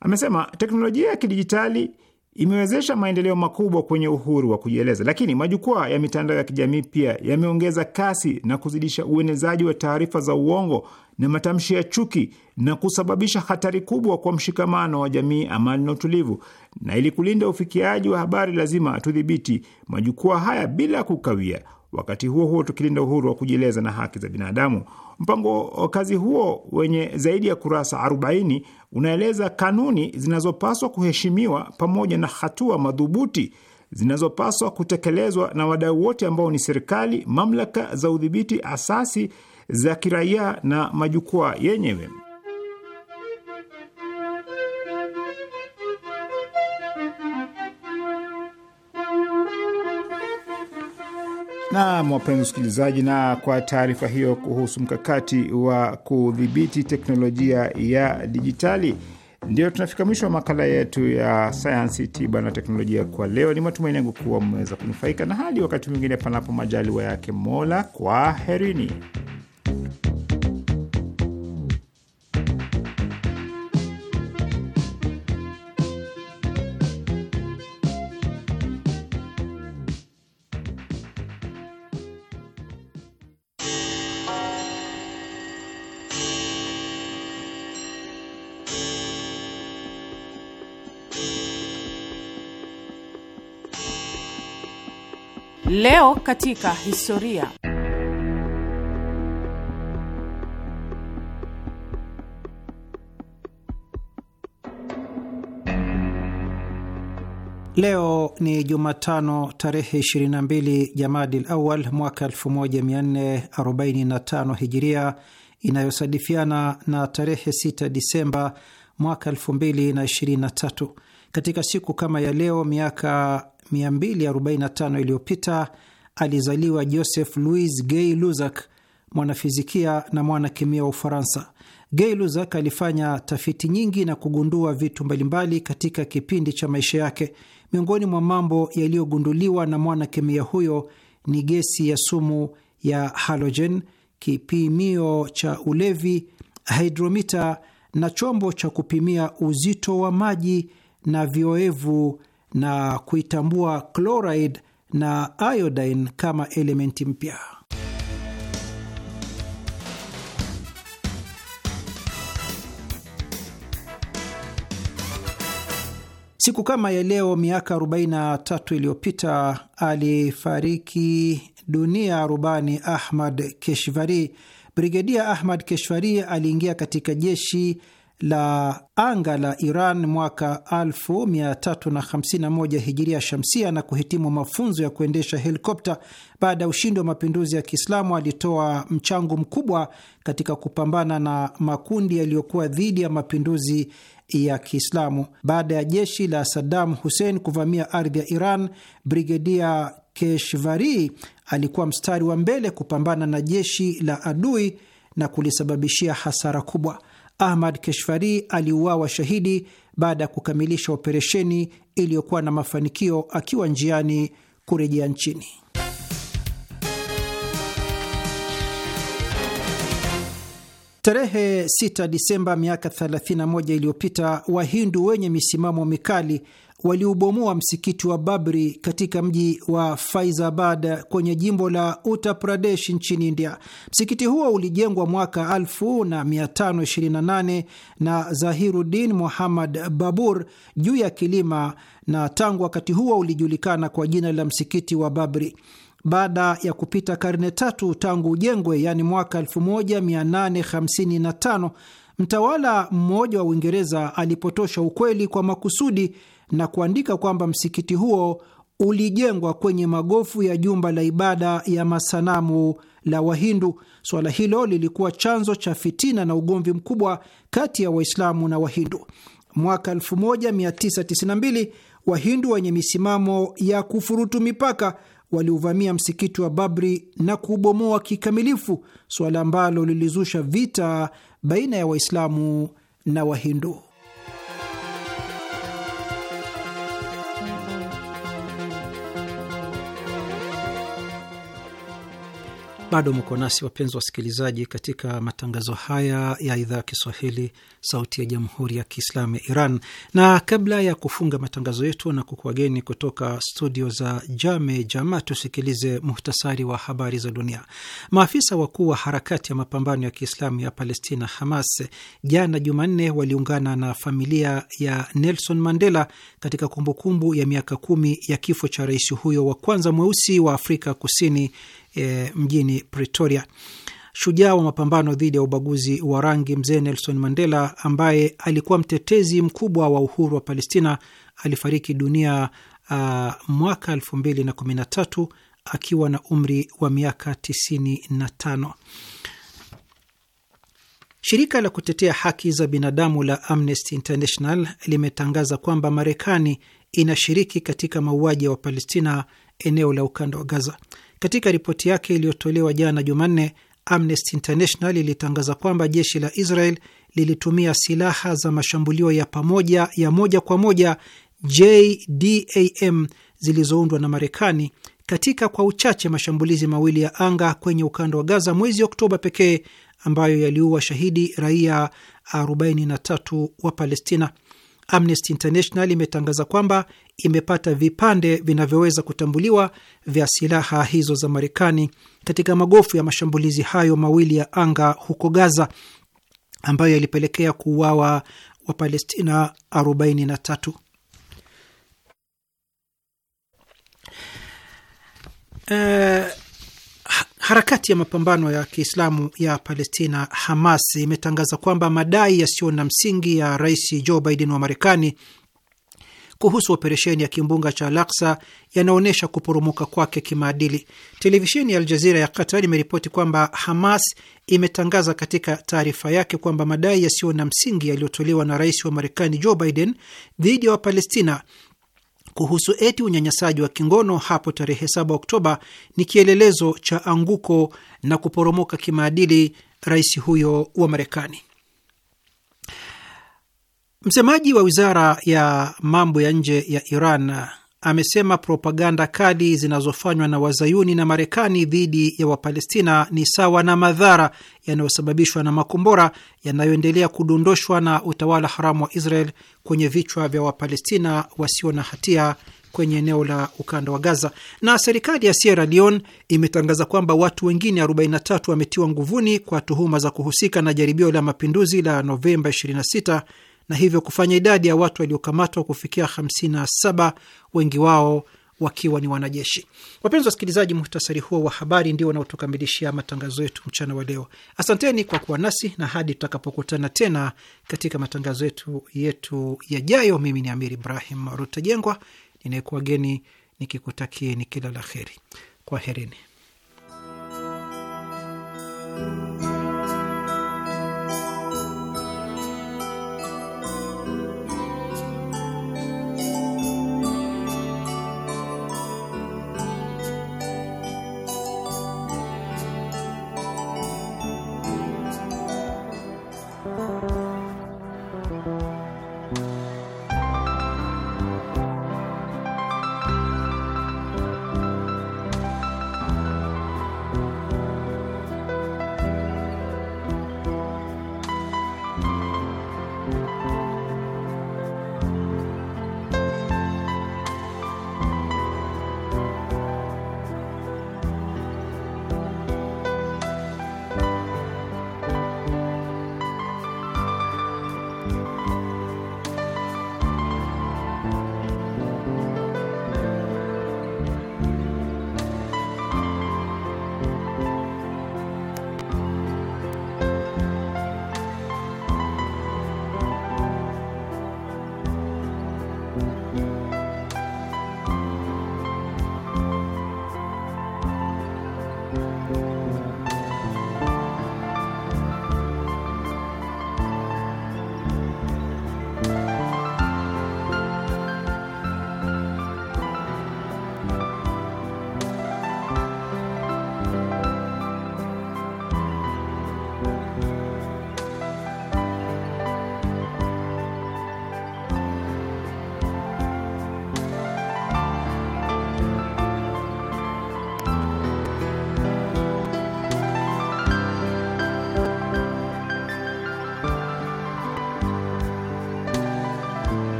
Amesema teknolojia ya kidijitali imewezesha maendeleo makubwa kwenye uhuru wa kujieleza, lakini majukwaa ya mitandao ya kijamii pia yameongeza kasi na kuzidisha uenezaji wa taarifa za uongo na matamshi ya chuki na kusababisha hatari kubwa kwa mshikamano wa jamii, amani na utulivu. Na ili kulinda ufikiaji wa habari, lazima tudhibiti majukwaa haya bila kukawia, wakati huo huo tukilinda uhuru wa kujieleza na haki za binadamu. Mpango wa kazi huo wenye zaidi ya kurasa 40 unaeleza kanuni zinazopaswa kuheshimiwa pamoja na hatua madhubuti zinazopaswa kutekelezwa na wadau wote ambao ni serikali, mamlaka za udhibiti, asasi za kiraia na majukwaa yenyewe. Naam, wapenzi usikilizaji, na kwa taarifa hiyo kuhusu mkakati wa kudhibiti teknolojia ya dijitali ndio tunafika mwisho wa makala yetu ya sayansi, tiba na teknolojia kwa leo. Ni matumaini yangu kuwa mmeweza kunufaika, na hadi wakati mwingine, panapo majaliwa yake Mola, kwaherini. Leo katika historia. Leo ni Jumatano, tarehe 22 Jamadil Awal mwaka 1445 Hijiria, inayosadifiana na tarehe 6 Disemba mwaka 2023. Katika siku kama ya leo miaka 245 iliyopita alizaliwa Joseph Louis Gay Luzak, mwanafizikia na mwanakemia wa Ufaransa. Gay Luzak alifanya tafiti nyingi na kugundua vitu mbalimbali katika kipindi cha maisha yake. Miongoni mwa mambo yaliyogunduliwa na mwanakemia huyo ni gesi ya sumu ya halogen, kipimio cha ulevi, hidromita na chombo cha kupimia uzito wa maji na vioevu na kuitambua chloride na iodine kama elementi mpya. Siku kama ya leo miaka 43 iliyopita alifariki dunia rubani Ahmad Keshvari. Brigedia Ahmad Keshvari aliingia katika jeshi la anga la Iran mwaka 1351 hijiria shamsia na kuhitimu mafunzo ya kuendesha helikopta. Baada ya ushindi wa mapinduzi ya Kiislamu, alitoa mchango mkubwa katika kupambana na makundi yaliyokuwa dhidi ya mapinduzi ya Kiislamu. Baada ya jeshi la Saddam Hussein kuvamia ardhi ya Iran, Brigedia Keshvari alikuwa mstari wa mbele kupambana na jeshi la adui na kulisababishia hasara kubwa. Ahmad Keshvari aliuawa shahidi baada ya kukamilisha operesheni iliyokuwa na mafanikio akiwa njiani kurejea nchini. Tarehe 6 Disemba miaka 31 iliyopita, Wahindu wenye misimamo mikali waliubomoa msikiti wa Babri katika mji wa Faizabad kwenye jimbo la Uttar Pradesh nchini India. Msikiti huo ulijengwa mwaka 1528 na Zahiruddin Muhammad Babur juu ya kilima, na tangu wakati huo ulijulikana kwa jina la msikiti wa Babri. Baada ya kupita karne tatu tangu ujengwe, yaani mwaka 1855, mtawala mmoja wa Uingereza alipotosha ukweli kwa makusudi na kuandika kwamba msikiti huo ulijengwa kwenye magofu ya jumba la ibada ya masanamu la Wahindu. Suala hilo lilikuwa chanzo cha fitina na ugomvi mkubwa kati ya Waislamu na Wahindu. Mwaka 1992 Wahindu wenye misimamo ya kufurutu mipaka waliuvamia msikiti wa Babri na kuubomoa kikamilifu, suala ambalo lilizusha vita baina ya Waislamu na Wahindu. Bado mko nasi wapenzi wasikilizaji, katika matangazo haya ya idhaa ya Kiswahili, Sauti ya Jamhuri ya Kiislamu ya Iran. Na kabla ya kufunga matangazo yetu na kukuwageni kutoka studio za Jame Jama, tusikilize muhtasari wa habari za dunia. Maafisa wakuu wa harakati ya mapambano ya Kiislamu ya Palestina, Hamas, jana Jumanne waliungana na familia ya Nelson Mandela katika kumbukumbu ya miaka kumi ya kifo cha rais huyo wa kwanza mweusi wa Afrika Kusini e, mjini Pretoria. Shujaa wa mapambano dhidi ya ubaguzi wa rangi mzee Nelson Mandela, ambaye alikuwa mtetezi mkubwa wa uhuru wa Palestina, alifariki dunia a, ah, mwaka elfu mbili na kumi na tatu akiwa na umri wa miaka tisini na tano. Shirika la kutetea haki za binadamu la Amnesty International limetangaza kwamba Marekani inashiriki katika mauaji ya Wapalestina eneo la ukanda wa Gaza. Katika ripoti yake iliyotolewa jana Jumanne, Amnesty International ilitangaza kwamba jeshi la Israel lilitumia silaha za mashambulio ya pamoja ya moja kwa moja JDAM zilizoundwa na Marekani katika kwa uchache mashambulizi mawili ya anga kwenye ukanda wa Gaza mwezi Oktoba pekee ambayo yaliua shahidi raia 43 wa Palestina. Amnesty International imetangaza kwamba imepata vipande vinavyoweza kutambuliwa vya silaha hizo za Marekani katika magofu ya mashambulizi hayo mawili ya anga huko Gaza ambayo yalipelekea kuuawa Wapalestina 43. Uh, eh, harakati ya mapambano ya Kiislamu ya Palestina Hamas imetangaza kwamba madai yasiyo na msingi ya Rais Joe Biden wa Marekani kuhusu operesheni ya kimbunga cha Al-Aqsa yanaonyesha kuporomoka kwake kimaadili. Televisheni ya Aljazira ya Qatar imeripoti kwamba Hamas imetangaza katika taarifa yake kwamba madai yasiyo na msingi yaliyotolewa na rais wa Marekani Joe Biden dhidi ya Wapalestina kuhusu eti unyanyasaji wa kingono hapo tarehe 7 Oktoba ni kielelezo cha anguko na kuporomoka kimaadili rais huyo wa Marekani. Msemaji wa wizara ya mambo ya nje ya Iran amesema propaganda kali zinazofanywa na wazayuni na Marekani dhidi ya Wapalestina ni sawa na madhara yanayosababishwa na makombora yanayoendelea kudondoshwa na utawala haramu wa Israel kwenye vichwa vya Wapalestina wasio na hatia kwenye eneo la ukanda wa Gaza. Na serikali ya Sierra Leone imetangaza kwamba watu wengine 43 wametiwa nguvuni kwa tuhuma za kuhusika na jaribio la mapinduzi la Novemba 26 na hivyo kufanya idadi ya watu waliokamatwa kufikia 57, wengi wao wakiwa ni wanajeshi. Wapenzi wasikilizaji, muhtasari huo wa habari ndio wanaotukamilishia matangazo yetu mchana wa leo. Asanteni kwa kuwa nasi na hadi tutakapokutana tena katika matangazo yetu yetu yajayo, mimi ni Amir Ibrahim Rutajengwa ninayekuwageni nikikutakieni kila la heri. Kwaherini.